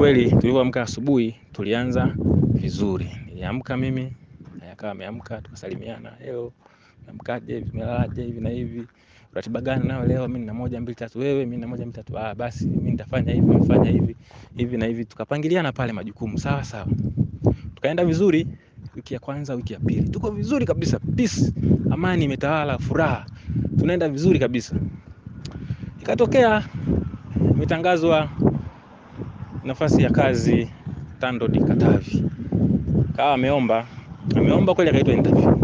kweli tulivyoamka asubuhi tulianza vizuri. Niliamka mimi na akawa ameamka, tukasalimiana, leo amkaje hivi, melalaje hivi na hivi, ratiba gani nayo leo? Mimi na moja mbili tatu, wewe mimi na moja mbili tatu. Ah, basi mimi nitafanya hivi, nifanya hivi hivi na hivi, tukapangiliana pale majukumu sawa sawa, tukaenda vizuri. Wiki ya kwanza, wiki ya pili, tuko vizuri kabisa, peace, amani imetawala, furaha, tunaenda vizuri kabisa. Ikatokea imetangazwa nafasi ya kazi TANROADS Katavi. Kawa ameomba, ameomba kweli akaitwa interview.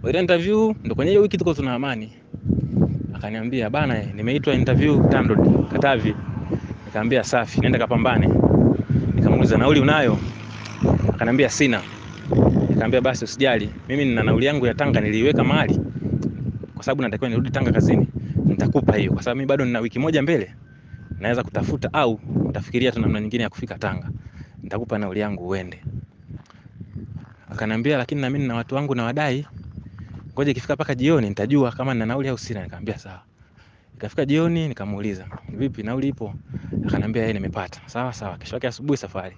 Kwa ile interview ndio kwenye wiki tuko tuna amani. Akaniambia bana, nimeitwa interview TANROADS Katavi. Nikamwambia safi, nenda kapambane. Nikamuuliza nauli unayo? Akaniambia sina. Nikamwambia basi usijali, mimi nina nauli yangu ya Tanga niliiweka mahali, kwa sababu natakiwa nirudi Tanga kazini. Nitakupa hiyo kwa sababu mimi bado nina wiki moja mbele naweza kutafuta au nitafikiria tu namna nyingine ya kufika Tanga, nitakupa nauli yangu uende. Akanambia, lakini na mimi na watu wangu na wadai, ngoja ikifika paka jioni nitajua kama nina nauli au sina. Nikamwambia sawa. Ikafika jioni nikamuuliza, vipi nauli ipo? Akanambia yeye nimepata. Sawa sawa, kesho yake asubuhi safari.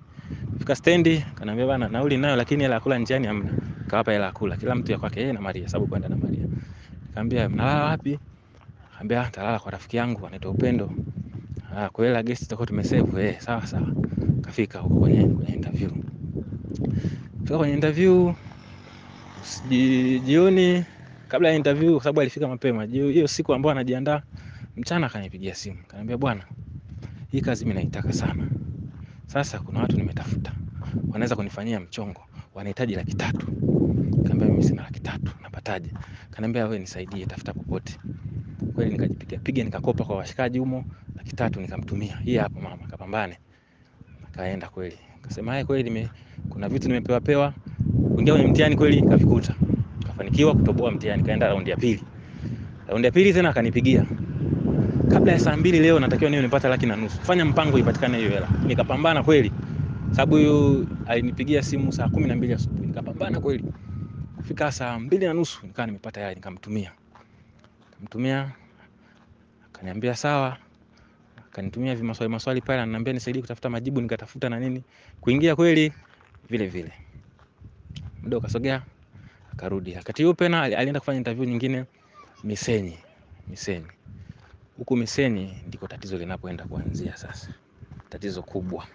Fika stendi, akanambia bana, nauli nayo lakini hela ya kula njiani hamna. Kawapa hela ya kula kila mtu ya kwake, yeye na Maria, sababu kwenda na Maria. Nikamwambia mnalala wapi? Akanambia ah, nitalala kwa rafiki yangu anaitwa Upendo. Ah, kwa hela gesi tutakuwa tumesave eh, sawa sawa. Kafika huko kwenye kwenye interview. Fika kwenye interview jioni kabla ya interview kwa sababu alifika mapema. Hiyo siku ambayo anajiandaa mchana akanipigia simu. Kaniambia bwana, hii kazi mimi naitaka sana. Sasa kuna watu nimetafuta. Wanaweza kunifanyia mchongo. Wanahitaji laki tatu. Kaniambia mimi sina laki tatu. Napataje? Kaniambia wewe nisaidie tafuta popote. Kweli nikajipiga piga nikakopa kwa washikaji humo laki tatu nikamtumia, hii hapa mama, kapambane. Kaenda kweli, akasema haya, kweli nime kuna vitu nimepewa pewa, kuingia kwenye mtihani kweli kavikuta, kafanikiwa kutoboa mtihani, kaenda raundi ya pili. Raundi ya pili tena akanipigia, kabla ya saa mbili leo natakiwa niwe nipata laki na nusu, fanya mpango ipatikane hiyo hela. Nikapambana kweli, sababu huyu alinipigia simu saa kumi na mbili asubuhi, nikapambana kweli kufika saa mbili na nusu nikawa nimepata yale, nikamtumia nikamtumia, akaniambia sawa kanitumia vimaswali maswali pale, ananiambia nisaidie kutafuta majibu, nikatafuta na nini, kuingia kweli vile vile. Muda ukasogea, akarudi. Wakati huo Pena alienda kufanya interview nyingine Misenyi, Misenyi. Huku Misenyi ndiko tatizo linapoenda kuanzia sasa, tatizo kubwa.